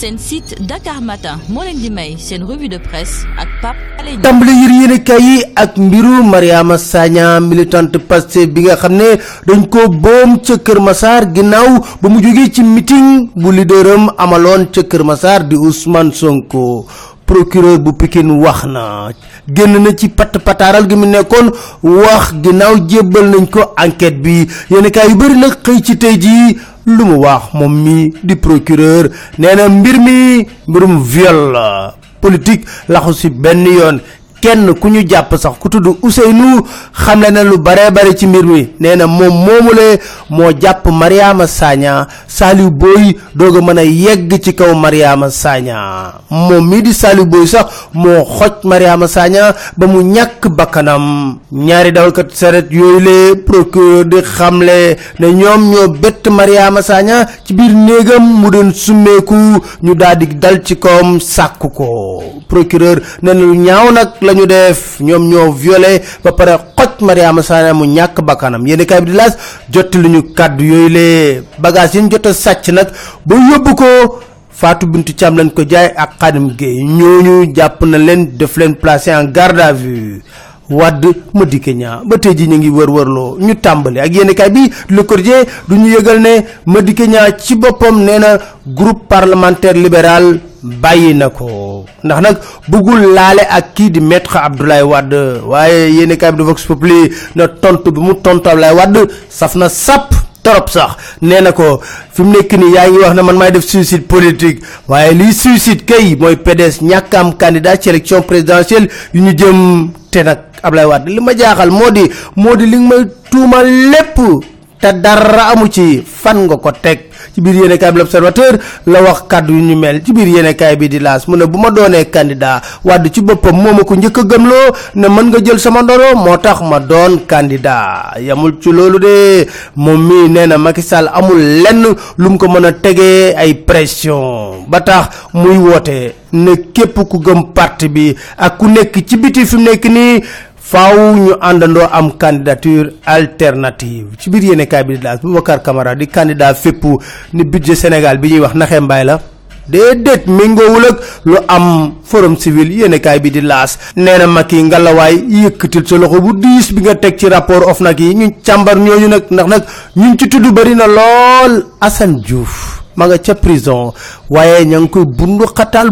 seen site Dakar Matin moo leen di may seen revue de presse ak Pape Alé Niang. tàmbali yër yéenekaay yi ak mbiru Mariama Sagna militante Pastef bi nga xam ne dañ ko boom ca Kër Massar ginnaaw ba mu jógee ci meeting bu leaderam amaloon ca Kër Massar di Ousmane Sonko. procureur bu Pikine wax na génn na ci pat pataaral gi mu nekkoon wax ginnaaw jébbal nañ ko enquête bi yéenekaay yu bëri nag xëy ci tey jii. lu mu wax moom mii di procureur nee na mbir mi mbirum viol politique laxu si benn yoon kenn ku ñu jàpp sax ku tudd Ousseynou xamle na lu bare bare ci mbir mi nee na moom moomule moo jàpp Mariama Sagna Saliou Boy doog a mën a yegg ci kaw Mariama Sagna moom mii di Saliou Boy sax moo xoj Mariama Sagna ba mu ñàkk bakkanam ñaari dawalkat saret yooyu le procureur di xamle ne ñoom ñoo bett Mariama Sagna ci biir néegam mu doon summeeku ñu daal di dal ci kawam sàkku ko procureur nee lu ñaaw nag la ñu def ñoom ñoo violé ba pare xoj Mariama Sané mu ñàkk bakkanam yéen kay bi di laas jotti lu ñu kàddu yooyu lee bagage yi ñu jot a sàcc nag ba yóbbu ko Fatou Bintou Thiam lañ ko jaay ak Khadim ñoo ñooñu jàpp na leen def leen placé en garde à vue wadd ma dikke ñaa ba tey ji ñu ngi wër wërloo ñu tàmbali ak yéenekaay bi Le Quotidien du ñu yëgal ne ma dikke ñaa ci boppam nee na groupe parlementaire libéral bàyyi na ko ndax nag bëggul laale ak kii di maître Abdoulaye Wade waaye yéeni kaay bi di Vox Populi na tontu bi mu tontu Abdoulaye wadd saf na sap torop sax nee na ko fi mu nekk nii yaa ngi wax na man maay def suicide politique waaye liy suicide kay mooy PDS ñàkk am candidat ci élection présidentielle yu ñu jëm te nag Abdoulaye Wade li ma jaaxal moo di moo di li nga may tuumal lépp te dara amu ci fan nga ko teg ci biir yéenekaay bi l'Observateur la wax kàddu yu ñu mel ci biir yéenekaay bi di laas mu ne bu ma doonee candidat wàdd ci boppam moom ma ko njëkk a gëmloo ne mën nga jël sama ndoro moo tax ma doon candidat yamul ci loolu de moom mii nee na Macky Sall amul lenn lu mu ko mën a tegee ay pression ba tax muy woote ne képp ku gëm parti bi ak ku nekk ci biti fi mu nekk nii faaw ñu àndandoo am candidature alternative ci biir yéenekaay bi di laas Boubacar Camara di candidat féppu ni budget Sénégal bi ñuy wax naxee mbaay la déedéet méngoowul ak lu am forum civil yéenekaay bi di laas nee na mag yi ngalawaay yëkkatil sa loxo bu diis bi nga teg ci rapport nag yi ñu càmbar ñooñu nag ndax nag ñu ci tudd bari na lool Assane Diouf ma nga ca prison waaye ñaa ngi koy bundu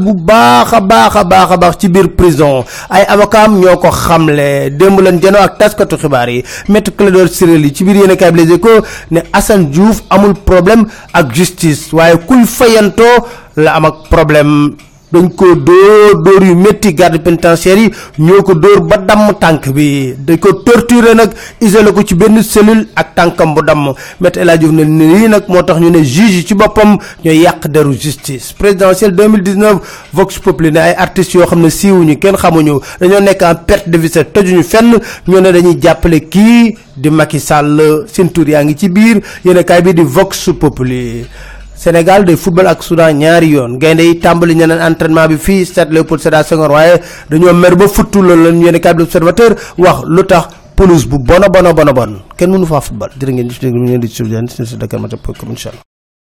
bu baax a baax a baax a baax ci biir prison ay avocam ñoo ko xamle démb leen janoo ak taskatu xibaar yi maître Clédor Ciré Ly ci biir yéen a kaay bi Les Échos ne Assane Diouf amul problème ak justice waaye kuy fayantoo la am ak problème dañ ko dóor dóor yu métti garde pénitentiaire yi ñoo ko dóor ba damm tànk bi dañ ko torturer nag isolé ko ci benn cellule ak tànkam bu damm Maître El Hadji Diouf ne nii nag moo tax ñu ne juge yi ci boppam ñooy yàq deru justice présidentielle 2019 Vox Populi ne ay artistes yoo xam ne siiwuñu kenn xamuñu dañoo nekk en perte de visite tojuñu fenn ñoo ne dañuy jàppale kii di Macky Sall seen yaa ngi ci biir yéen kaay bi di Vox Populi Sénégal de football ak Soudan ñaari yoon gaynde yi tàmbali ñeneen entraînement bi fii stade Léopold Sédar Senghor waaye dañoo mer ba futtu loolu lañu yéen kàddu observateur wax lu tax pelouse bu bona bona bona bon kenn mënu faa football jërë ngeen di si déglu ñu di suivre seen seen Dakar Matin point com incha allah